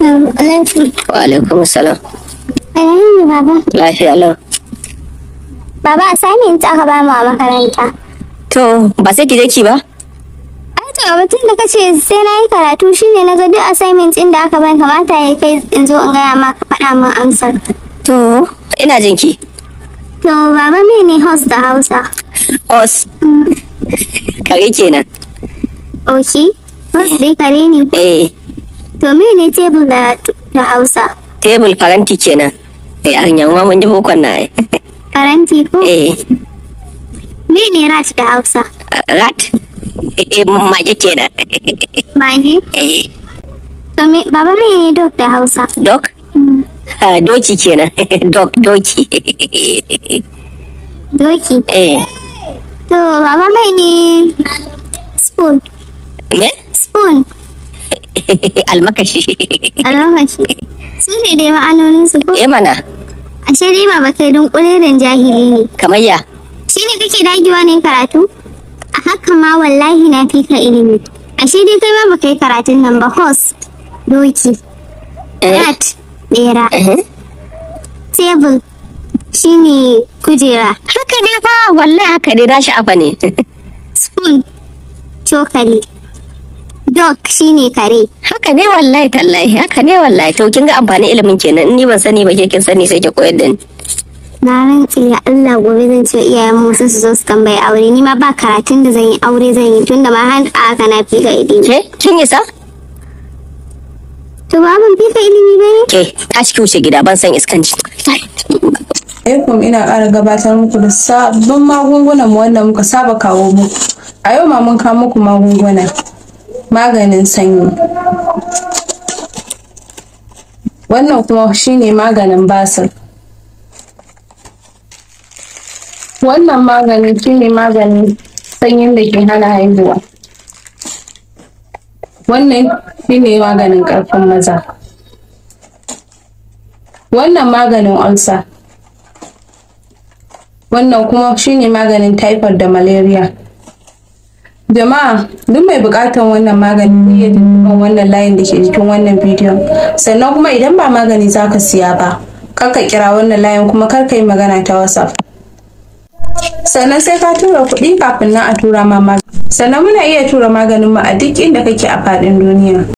Assalamu alaikum. Wa alaikum salam. Alaikum baba. Lafiya lau. aka ba a makaranta. To ba sai ki je ki ba? to mutum da kace sai na yi karatu shine na ga duk assignment din da aka ban kamata ya kai in zo in gaya amsar. ina jin ki. To baba me da Hausa? Mm. Kare dai kare ne. Eh. To ne tebul da da Hausa? Tebul faranti kenan. Eh an yamma mun ji bokon na. Eh. Faranti ko? Eh. ne rat da Hausa? Rat? Eh, eh mage kenan. Mage? Eh. To me baba menene dok da Hausa? Dog? Mm. doki kenan. Dok, doki. Doki? Eh. To baba me menene spoon? Me? Spoon. almakashi almakashi su ne dai ma'anonin su ko eh mana ashe dai ba ba kai dunkuleren jahili ne kamar ya shi ne kake dagewa ne karatu a haka ma wallahi na fi ka ilimi ashe dai kai ma ba kai karatun nan ba horse doki eh. rat bera eh. table shi ne kujera haka ne fa wallahi haka ne dashi afa ne spoon cokali dog shine kare haka ne wallahi tallahi haka ne wallahi to kin ga amfanin ilimin kenan in ni ban sani ba ke kin sani sai ki koyar da ni na rantse ya Allah gobe zan ce iyayen mu su zo su tambaye aure ni ma ba karatun da zan yi aure zan yi tunda ma har a haka na fi ga ilimi ke kin isa to ba mun fi ga ilimi ba ne ke ka ciki wuce gida ban san iskanci alaikum ina ƙara gabatar muku da sabbin magungunan mu wanda muka saba kawo muku a yau ma mun kawo muku magungunan maganin sanyi wannan kuma shine maganin basir wannan maganin shine maganin sanyin da ke hana haihuwa wannan shine maganin ƙarfin maza wannan maganin ulcer wannan kuma shine maganin typhoid da malaria Jama'a duk mai bukatan wannan magani ne ya dinga wannan layin da ke jikin wannan bidiyon. Sannan kuma idan ba magani za ka siya ba, kar ka kira wannan layin kuma kar ka yi magana ta WhatsApp. Sannan sai ka tura kuɗi kafin nan a tura ma magani. Sannan muna iya tura maganin mu a duk inda kake a faɗin duniya.